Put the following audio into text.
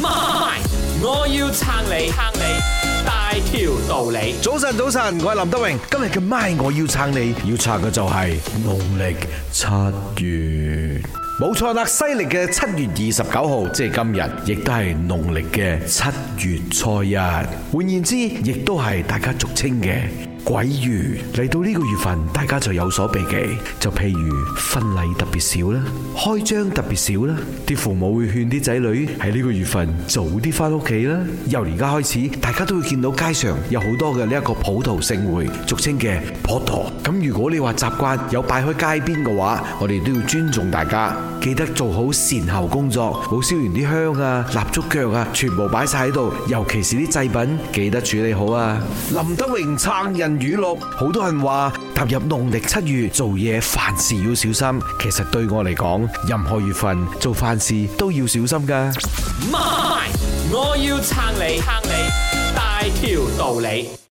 m 我要撐你，撐你大條道理。早晨，早晨，我係林德榮。今日嘅 m 我要撐你，要撐嘅就係農曆七月。冇錯啦，西曆嘅七月二十九號，即係今日，亦都係農曆嘅七月初一。換言之，亦都係大家俗稱嘅。鬼如嚟到呢個月份，大家就有所避忌，就譬如婚禮特別少啦，開張特別少啦，啲父母會勸啲仔女喺呢個月份早啲翻屋企啦。由而家開始，大家都會見到街上有好多嘅呢一個普渡勝會，俗稱嘅普渡。咁如果你話習慣有擺開街邊嘅話，我哋都要尊重大家，記得做好善後工作，冇燒完啲香啊、蠟燭腳啊，全部擺晒喺度，尤其是啲祭品，記得處理好啊。林德榮撐人。語錄，好多人話踏入農曆七月做嘢凡事要小心，其實對我嚟講，任何月份做凡事都要小心噶。我要撐你，撐你大條道理。